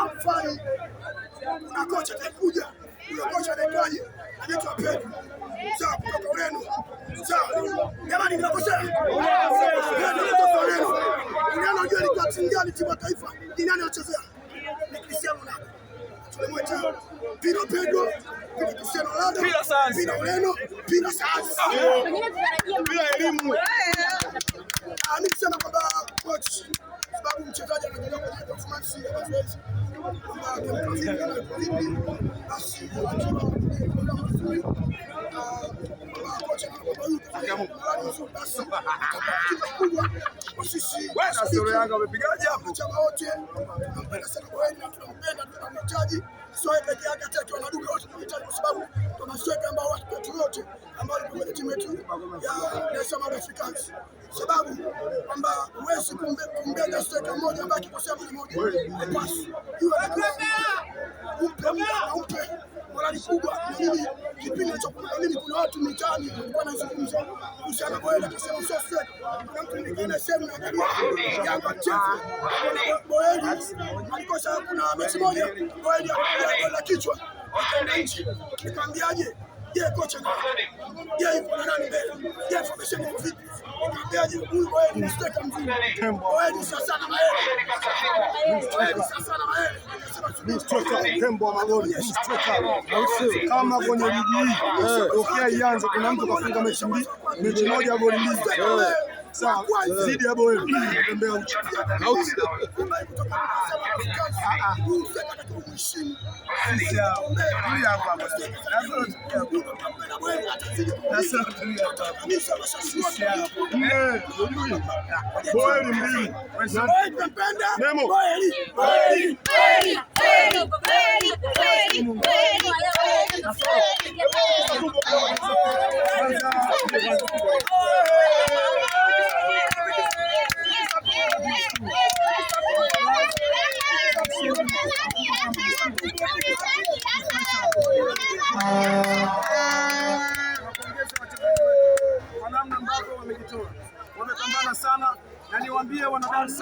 Mfano kuna kocha atakuja, huyo kocha anaitwaje? Anaitwa Pedro. Sawa, kutoka Ureno. Sawa jamani, ninakosea? Ureno. Ureno, unajua ni timu gani? Timu ya taifa ni nani anachezea? Ni Cristiano Ronaldo. Tunamwita Pino Pedro, Cristiano Ronaldo, Pino Ureno, Pino Sazi, Pino ah. elimu Umepigaje hapo? Chama wote tunapenda sana kwa wewe, tunampenda, tunamhitaji sio yeye pekee yake, hata kwa ndugu wote tunamhitaji, kwa sababu kwa masweka ambao watu wote ambao kwenye timu yetu ya Dar Africans sababu hawezi kumbega steka moja ambaye akikosea goli moja haipasi iwe umpe umpe morali kubwa. mimi kipindi cha mimi, kuna watu mitaani walikuwa wanazungumza kuhusiana Boyeli, akasema sio steka. Kuna mtu nikaona sehemu na gari yangu mchezo Boyeli alikosa, kuna mechi moja Boyeli akapiga la kichwa akaenda nje, nikamwambiaje? Je, kocha na je, ipo na nani mbele? Je, formation vipi? Tembo wa magoli kama kwenye ligi tokea ianze, kuna mtu kafunga mechi mbili, mechi moja goli mbili zidi ya boe tembea Memo. wamejitoa, wamepambana sana, na niwaambie wanadamu